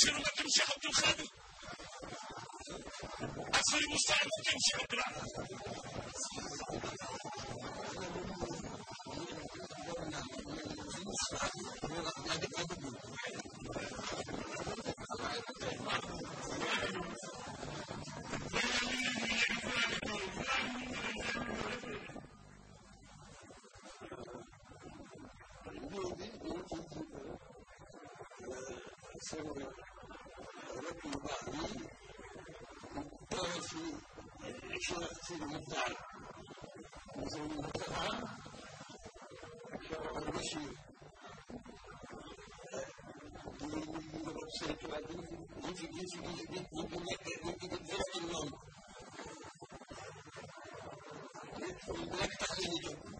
أسير تمشي عبد الخادم أسير مستعد تمشي عبد Thank you. этой войны дальше человек цивилизации уже не выживал, все Руси Thank you.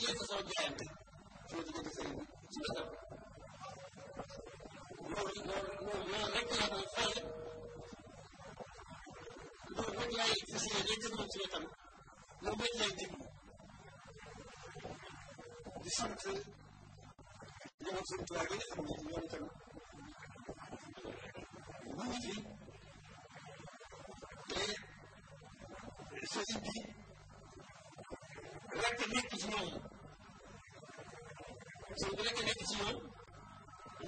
Jesus ordained for the good thing to them. Nor, nor, nor, nor räcker det med fallet. Nor räcker det inte sig gentemot dem. Nor räcker det inte. Det är sant. Det var som du har rätt om det. Nor räcker det. Nor räcker det. Det är så inte. Räcker det inte till någon. soo bu nekk nekk ci yoon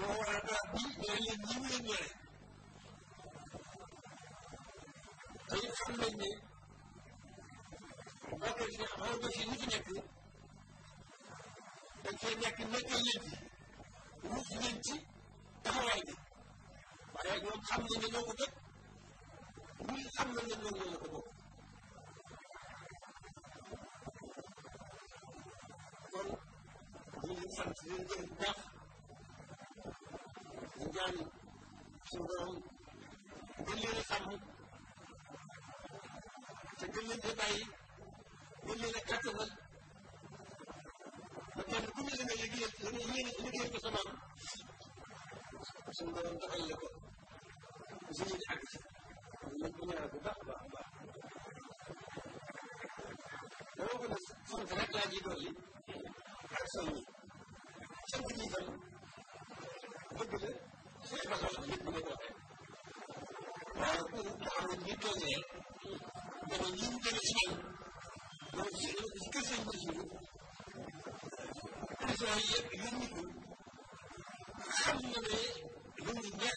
moo waral baat bi dana leen ñi mu leen yore te xam ne mbokk yi nga nekk nekk nekkal leen fi wuuf ci taxawaay bi waaye ñoom xam nañ ne ko jot ñun xam nañ ne ñoo ñu ngi tax ñu ñaan suñu borom gën leen a sàmm te gën leen a bàyyi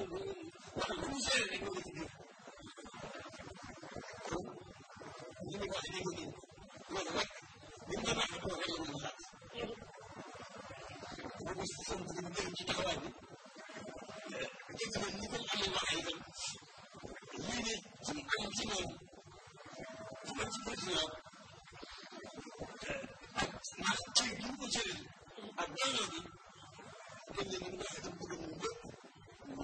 ndax tey bi ñu ko jëlee ak delloo bi dañ leen mën a def bëgg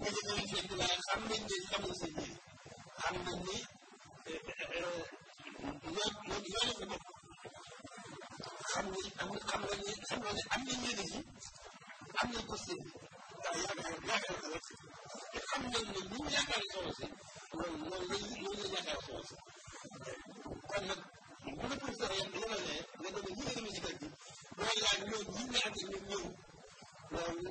daje nañu fekk waaye xam nañ ne xamul sa biir xam nañ ne loo loo loolu ko bopp xam nañ am xam nañ ne xam nañ ne am nañ yéene ji am nañ ko seen ndax yaakaar yaakaar ko rek te xam nañ ne ñu yaakaar soxla si loolu loolu la loolu la yaakaar soxla si kon nag bu la président yam yamalee nga demee ñu ne demee ci kër gi booy laaj ñoom ñi nga ànd ak ñoom ñëw loolu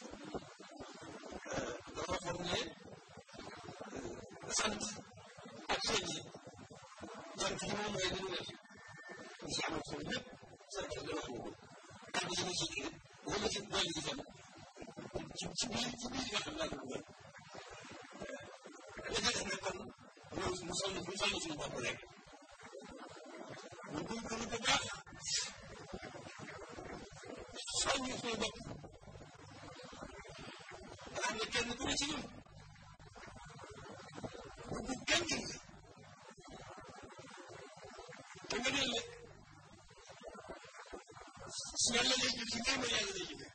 Anne kendi kurucunu mu? Hukukken girdi. Ömer'e sınırlarla ilgili, Ömer'e ilgili.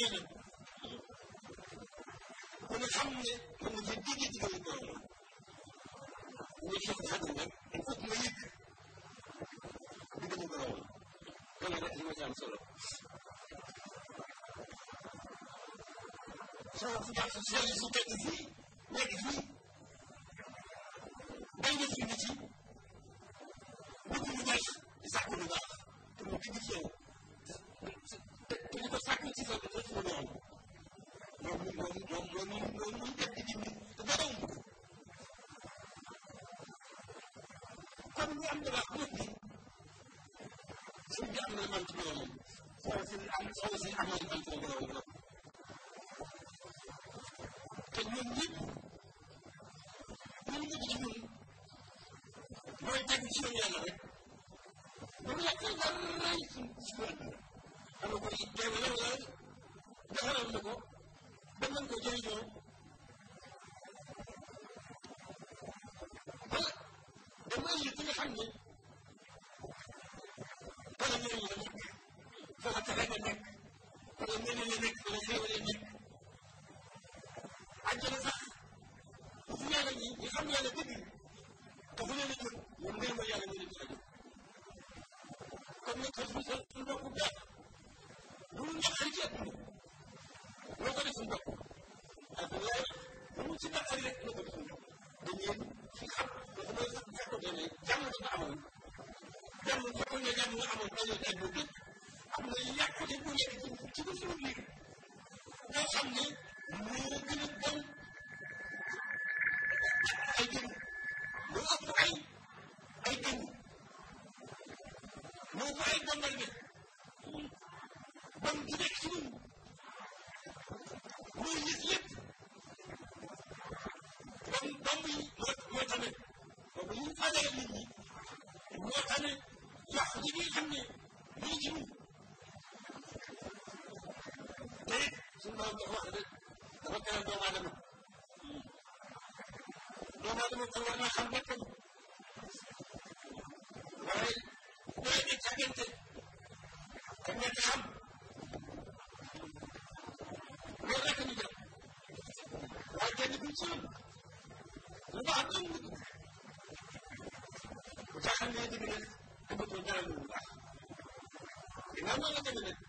دايما ونحمل ونهددك بالدولة ونشوف هذا نفوت ميت بدون دولة كما نأتي مثلا سورة سورة في جعل الشيء يكفي يكفي dégg suñu yàlla rek loolu yaakaar naa laay suñu suñu àdduna ko ba mën ko jëriñoo ba dama indi ci nga xam ne wala njëriñ la nekk wala tax a nga nekk wala mën la nekk wala xéewal la nekk àjjana sax ñi xam yàlla dëgg dafa leen a jël moom ngir ma yàlla ñu ne ci rajo kon nag xas bu sa suñ bopp baax lu mu naqari ci àdduna loo ko def suñ bopp àdduna lu mu ci naqari rek loo ko def suñ bopp dañ leen ci xam dafa mooy sax fekkoon ne jàmm dafa amoon jàmm fekkoon ne jàmm nga amoon dañoo daj bu dëkk am na yàqute bu nekk ci ci ko suñu biir ñoo xam ne moo gën a bon ay jëm moo ëpp ay five number में one direction who is lip one dummy what what हमें वही फायदा लेंगे what हमें या हजीरी हमने नहीं जरूर देख सुना हुआ है तो क्या दो मालूम दो मालूम तो वरना संबंध imminent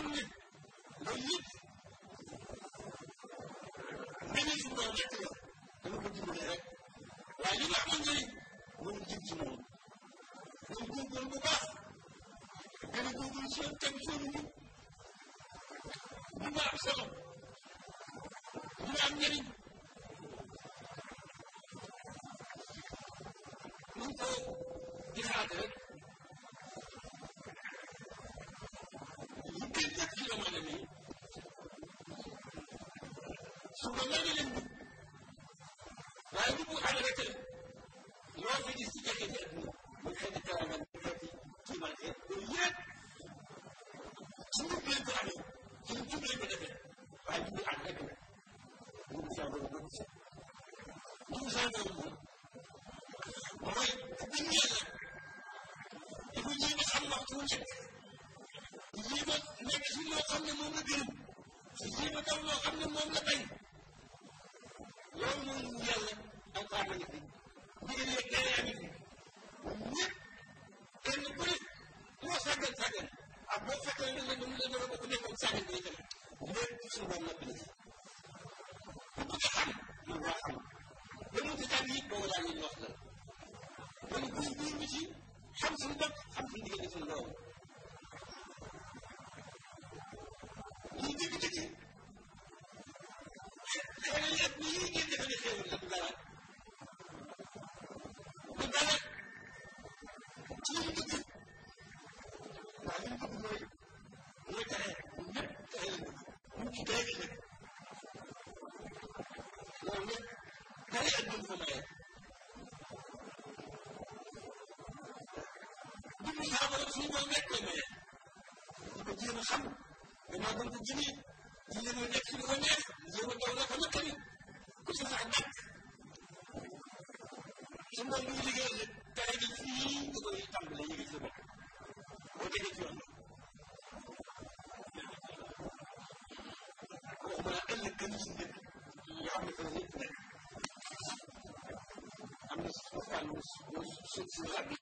xam ne loolu yëpp bénéfice boobu rek la dama ko dimbali rek waaye li nga xamante ni moom jëm ci moom moom góorgóorlu bu baax gën a góorgóorlu si yoon teg soo dugg mun na am solo mun na am njëriñ mun ko gisaat rek. ko nekk si loo xam ne moom la gërëm lii ma daw loo xam ne moom la bañ loolu moom yàlla alxaar nañu fi jigéen yeeg nee yaa fi ñëpp kenn ku ne loo sàggan sàggan ak boo ne la ñu la dara bokk nekkoon sàggan bi itam lépp suñu borom noppi na ci ku bëgg a xam mën xam ba mu di 今天是六。tamit mën nañoo nekk ci lu ko neex mën na daw la ko nag tamit ku ci sax dàq su moom muy liggéey rek tere bi fii nga koy tàmbalee yëgal sa bopp boo tegee ci yoon waxuma la ëllëg gën ci dëkk nga xam ne fa la ñëpp nekk am na sax waxtaan wu su su su rab yi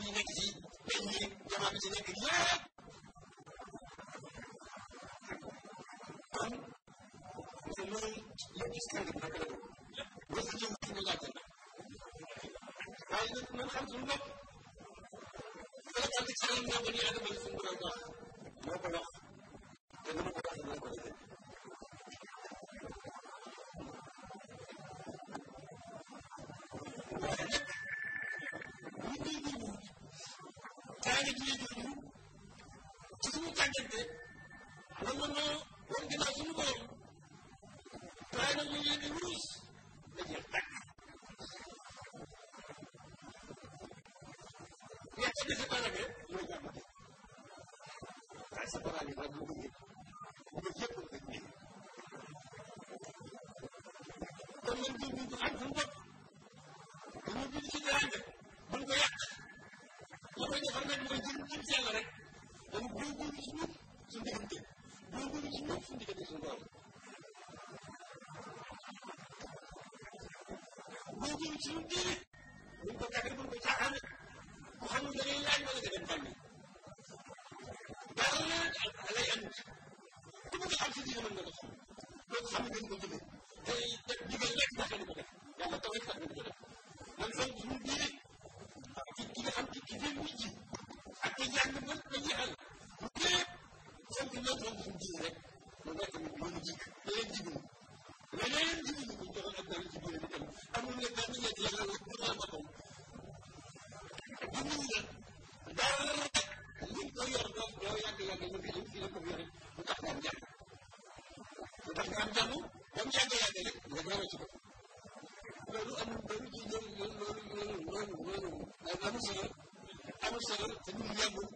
di negeri pengen orang macam negeri ya kan semua lepaskan kita kalau bukan yang kita nak kan kalau itu pun akan sulit kalau kita cari yang mana yang ada bersungguh-sungguh ci ñun déedéet buñ ko tàggee buñ ko caaxaane ku xamul da ngay laaj wala nga dem bànni ndax nga am jàmm ba mu yàgg yàgg rek nga gën a ci bopp loolu amul loolu ci loolu loolu loolu loolu loolu amul solo amul solo te du yàggul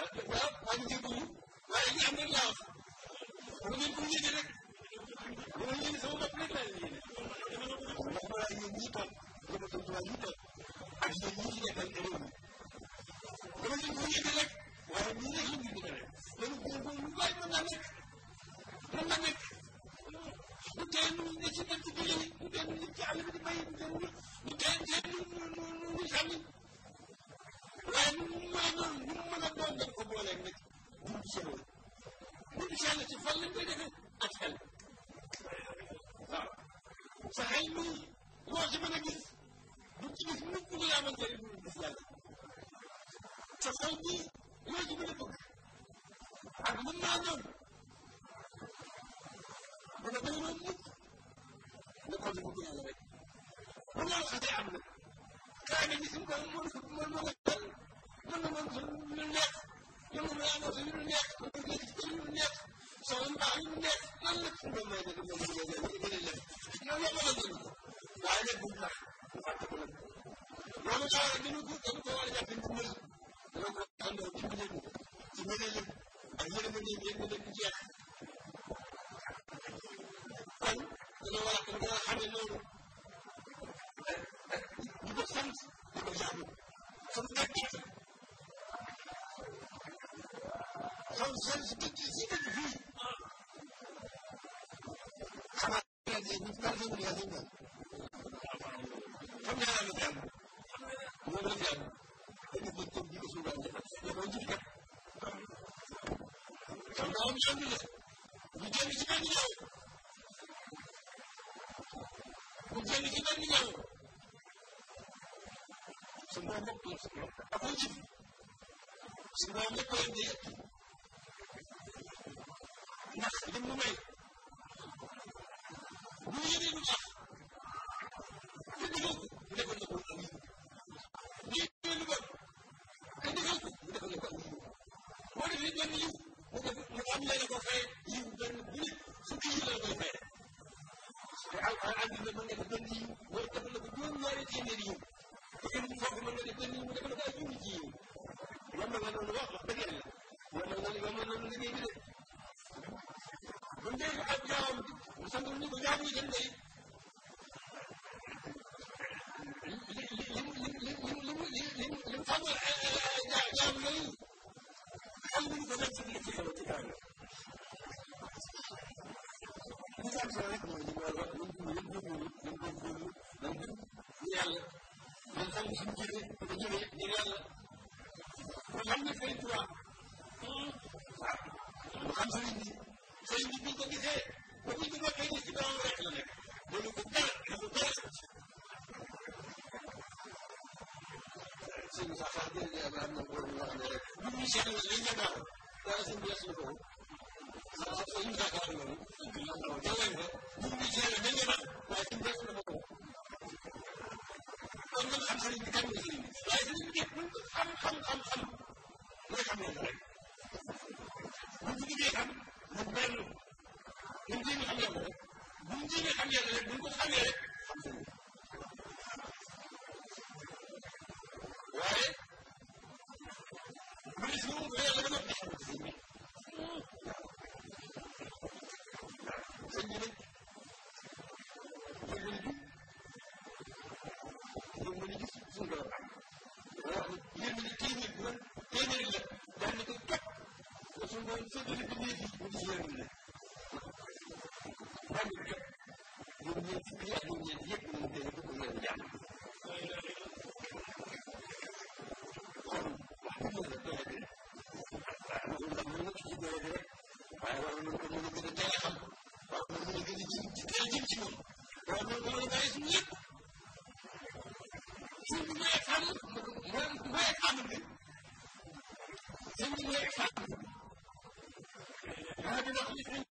ah waaw waaye ñu jégalu waaye ñu am nañ laa wax bu ngeen ko yéene rek bu ngeen yéene sama bopp rek laa yéene ndax balaa yéen ñii toog yéen a toog waa ñii toog ak yéen ñii ci nekkal réew mi dama leen ko yéene rek waaye ñu nekk ñu ngi ko rek loolu góorgóorlu waaye mën naa nekk لما نك ودين نجد تقولي ودين نتعلم ما يبدون ودين ودين نتعلم وين ما هم لا بد القبول منك بمشاوي بمشاوي تفلم بينك أتفلم فحلمي واجب أنا قلت بتجلس من كل عمل الإسلام تصدي واجب أنا قلت عقل ما نوم هذا بين منك نقضي مدير لك والله قد يعمل كان مثلهم ملك من ملك من منزل من الناس من منزل من الناس من منزل من الناس سواء معين الناس من لك من ما يدري من ما يدري من الله يا الله ما أدري وعلى بنا وعلى بنا وأنا شاعر بنقول أنا كمان جالس بنقول أنا كمان عندي بنقول بنقول بنقول بنقول بنقول kon dañoo war a dañoo war a xamee loolu di ko sant di ko jaamu xam nga gerte xam seen si dëkk si dëkk bii xanaa ñu ñu daal di wut yàlla ñu xam naa lu jàmm moom la jàmm dañu ko jëm di ko suñu wàllu da koo jëm kat xam naa am solo la ñu jëm ci benn yow тоже. А почему? С нами победа. Нахрен мы seen li ñu yaakaar wala seen biir suñu kaw ndax soo yi ñu yaakaar loolu yow lañ ko pour ñu jéem a dañ leen am waaye suñu biir suñu kaw kon man xam sëriñ bi kan nga sëriñ bi waaye sëriñ bi mën ko xam xam xam xam mooy xam leen rek bu ñu liggéey xam mu benn bu ñu jéem a xam yàlla rek bu ñu jéem a xam yàlla rek bu ñu ko xamee rek 何でだお前。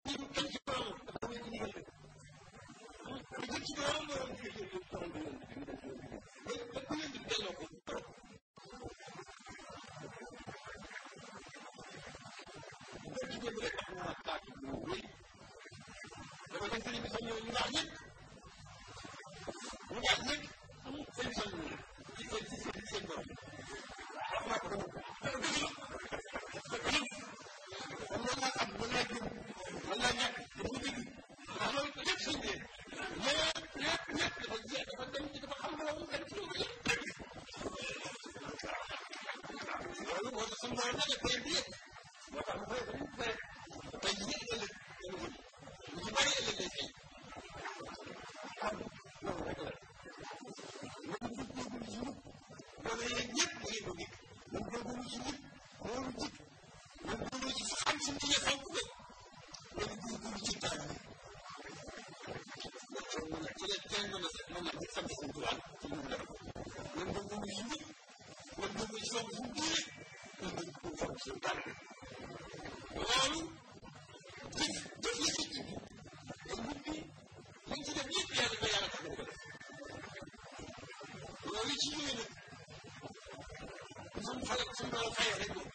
loola yéen ñëpp da ngeen ko dégg man dooguñu ci nit loolu jik man dooguñu ci xam si nit ñi fonk ko loolu góorgóorlu ci taal bi man ci la teel mën a mën a xam seen tubaab ci lu mu dara man dooguñu ci nit man dooguñu ci fonk suñu diine man dooguñu fonk suñu taal bi loolu jëf jëf la ci tudd te nit bi liñ ci def yëpp yàlla ba yàlla tax ko def loolu ci yooyu خلق سماوات والارض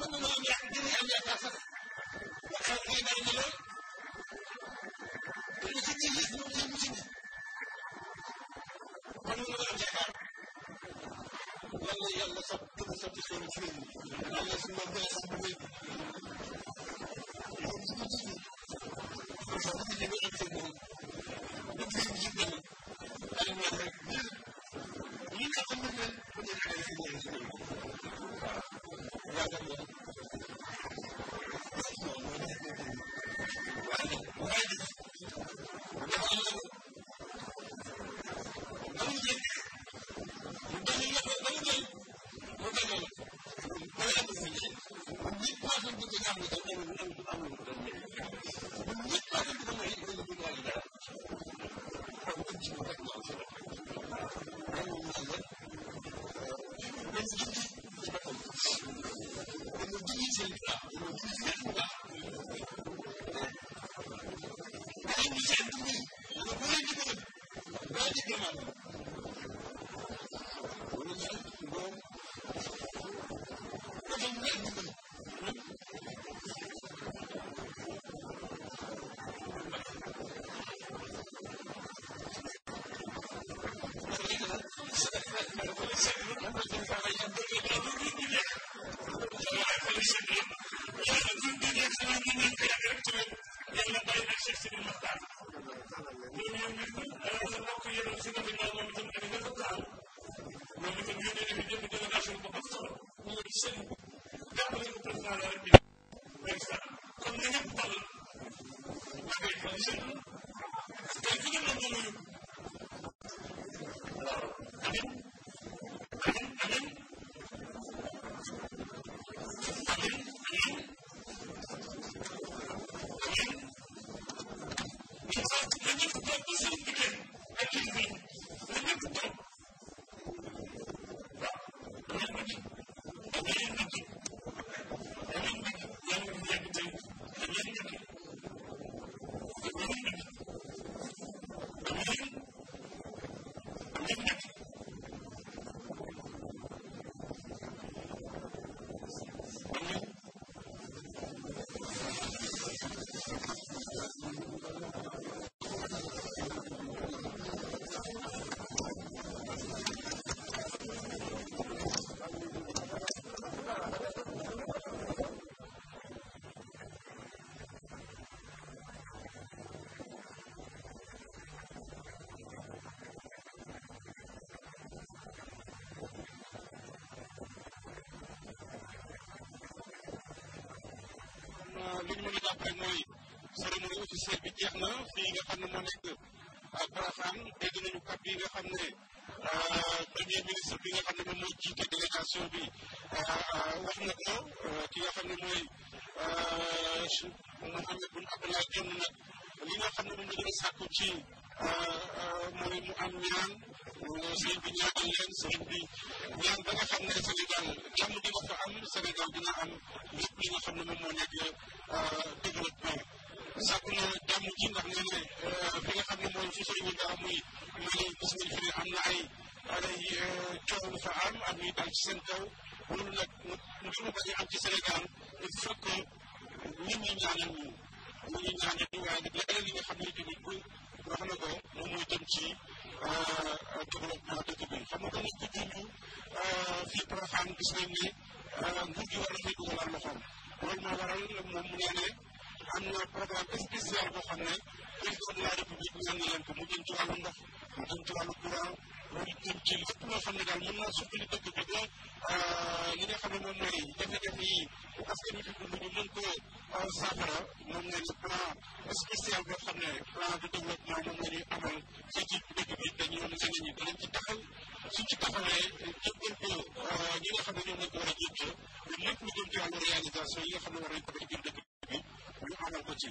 mënu ñu ñaan diri ak ñaan sax waxal xéy dara ñu lool nous nous après moi c'est le numéro qui s'est bien non fille n'a pas de monnaie que la femme et de nous pas bien amené premier ministre qui n'a pas de monnaie qui est délégation bi euh on non qui a fait moi euh on a fait une appelation li nga xamne mo ngi sakku ci euh euh moy mu am ñaan sëriñ bi ñaan ba nga xam ne Sénégal jàmm dina fa am Sénégal dina am lépp li nga xam ne moom moo nekk développement sàkku na jàmm ji ndax nee nga xam ne mooy fi sëriñ bi am muy Mali gis nañ fi ne am na ay ay coow fa am am yi daal ci seen kaw loolu nag ngir mu am ci Sénégal il faut que nit ñi mu ngi ñaan ñi waaye nag xam ne tamit bu wax na ko moom mooy ci développement bi xam nga dañu ko junj fii Porokhane gis nañ ne nguur gi war na fay dugalal loxoom loolu waral moom mu nee am na programme spécial boo xam ne président de la république ñaan na leen ko mu jëm lu jëm ci wàllu courant lu jëm ci xam ne daal mën naa suqali dëkk bi ba euh, nga xam ne moom mooy na euh, plan spécial ne amal fii ci dëkk bi dañu am seen ñi danañ ci taxaw suñ ci taxawee jëppal euh, nga xam ne ñoom la ko war a jëjjë lépp lu dëkk bi ñu amal ko ci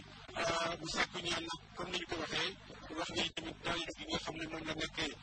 bu sàkku ñaan nag comme ni ñu ko waxee wax nga yi tamit daayira bi nga xam ne moom la nekkee